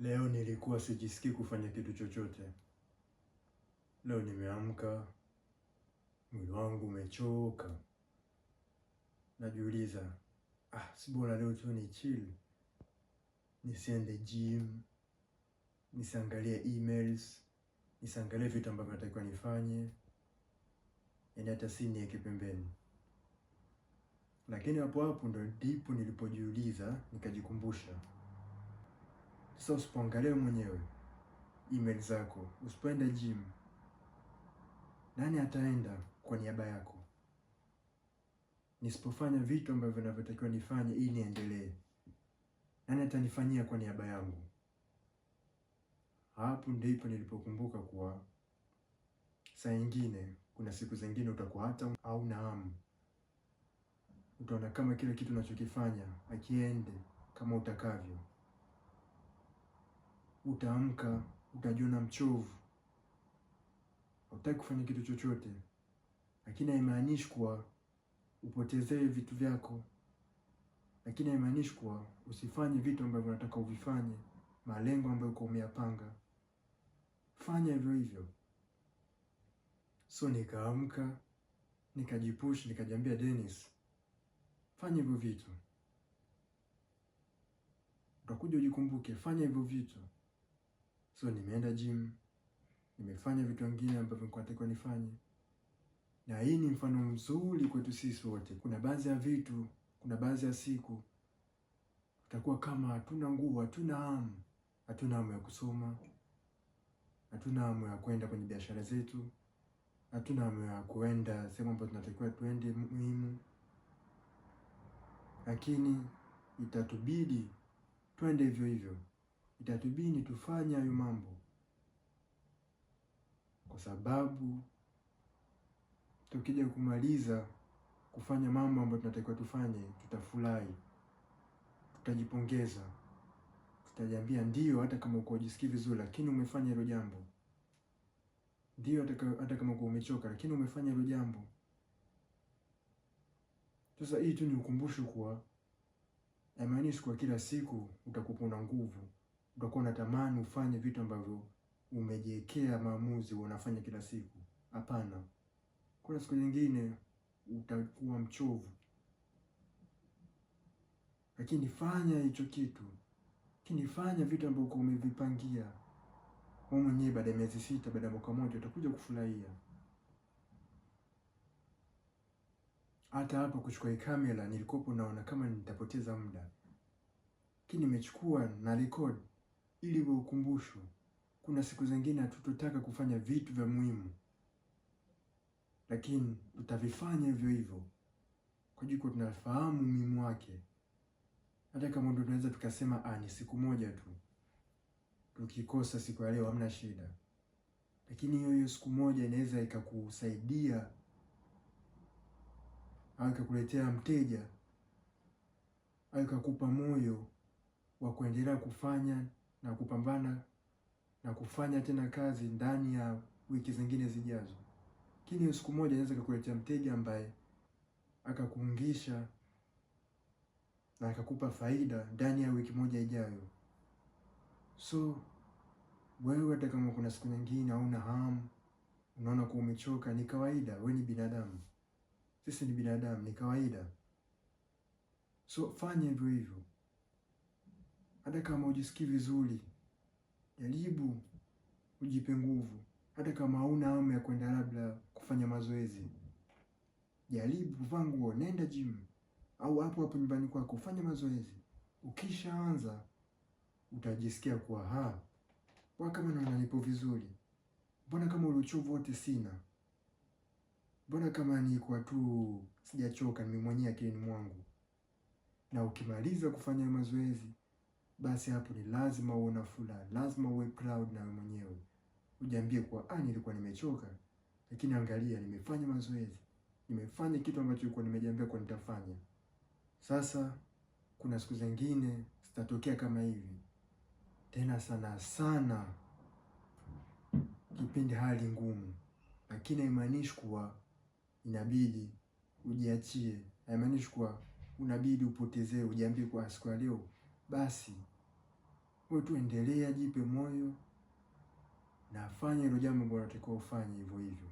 Leo nilikuwa sijisikii kufanya kitu chochote. Leo nimeamka, mwili wangu umechoka, najiuliza ah, si bora leo tu ni chill, nisiende gym, nisiangalie emails, nisiangalie vitu ambavyo natakiwa nifanye, yaani hata si niweke pembeni. Lakini hapo hapo ndo ndipo nilipojiuliza, nikajikumbusha sasa usipoangalia mwenyewe email zako, usipoenda gym, nani ataenda kwa niaba yako? Nisipofanya vitu ambavyo vinavyotakiwa nifanye ili niendelee, nani atanifanyia kwa niaba yangu? Hapo ndipo nilipokumbuka kuwa saa nyingine, kuna siku zingine utakuwa hata au naamu, utaona kama kila kitu unachokifanya akiende kama utakavyo utaamka utajiona mchovu, hautaki kufanya kitu chochote, lakini haimaanishi kuwa upotezee vitu vyako, lakini haimaanishi kuwa usifanye vitu ambavyo unataka uvifanye, malengo ambayo uko umeyapanga. Fanya hivyo hivyo. So nikaamka nikajipush, nikajiambia Dennis, fanya hivyo vitu, utakuja ujikumbuke, fanya hivyo vitu. So nimeenda gym, nimefanya vitu vingine ambavyo nilikuwa natakiwa nifanye, na hii ni mfano mzuri kwetu sisi wote. Kuna baadhi ya vitu, kuna baadhi ya siku tutakuwa kama hatuna nguvu, hatuna hamu, hatuna hamu ya kusoma, hatuna hamu ya kwenda kwenye biashara zetu, hatuna hamu ya kuenda sehemu ambayo tunatakiwa tuende muhimu, lakini itatubidi twende hivyo hivyo itatubini tufanye hayo mambo, kwa sababu tukija kumaliza kufanya mambo ambayo tunatakiwa tufanye, tutafurahi, tutajipongeza, tutajiambia ndio, hata kama uko ujisikii vizuri, lakini umefanya hilo jambo. Ndio, hata kama uko umechoka, lakini umefanya hilo jambo. Sasa hii tu ni ukumbusho kuwa haimaanishi kwa kila siku utakupona nguvu utakuwa unatamani ufanye vitu ambavyo umejiwekea maamuzi unafanya kila siku. Hapana, kuna siku nyingine utakuwa mchovu, lakini fanya hicho kitu, lakini fanya vitu ambavyo umevipangia wewe mwenyewe. Baada ya miezi sita, baada ya mwaka mmoja, utakuja kufurahia. Hata hapa kuchukua kamera nilikopo, naona kama nitapoteza muda, lakini nimechukua na record ili uwe ukumbusho. Kuna siku zingine hatutotaka kufanya vitu vya muhimu, lakini tutavifanya hivyo hivyo kwa jiko, tunafahamu umuhimu wake, hata kama ndo tunaweza tukasema ah, ni siku moja tu, tukikosa siku ya leo hamna shida, lakini hiyo hiyo siku moja inaweza ikakusaidia au ikakuletea mteja au ikakupa moyo wa kuendelea kufanya na kupambana na kufanya tena kazi ndani ya wiki zingine zijazo. Lakini siku moja inaweza kukuletea mteja ambaye akakuungisha na akakupa faida ndani ya wiki moja ijayo. So wewe hata kama kuna siku nyingine au na hamu, unaona kuwa umechoka, ni kawaida. Wewe ni binadamu, sisi ni binadamu, ni kawaida. So fanya hivyo hivyo hata kama hujisikii vizuri, jaribu ujipe nguvu. Hata kama hauna hamu ya kwenda labda kufanya mazoezi, jaribu, vaa nguo, nenda gym au hapo hapo nyumbani kwako ufanye mazoezi. Ukishaanza utajisikia kuwa ha, mbona kama naona nipo vizuri, mbona kama ule wote sina, mbona kama ni kwa tu sijachoka mimi mwenyewe akilini mwangu. Na ukimaliza kufanya mazoezi basi hapo ni lazima uwe na furaha, lazima uwe proud na wewe mwenyewe, ujiambie kuwa ah, nilikuwa nimechoka, lakini angalia, nimefanya mazoezi, nimefanya kitu ambacho nilikuwa nimejiambia kwa nitafanya. Sasa kuna siku zingine zitatokea kama hivi tena, sana sana kipindi hali ngumu, lakini haimaanishi kuwa inabidi ujiachie, haimaanishi kuwa unabidi upotezee. Ujiambie kwa siku ya leo basi wewe tu endelea, jipe moyo na fanya hilo jambo ambalo unatakiwa ufanye hivyo hivyo.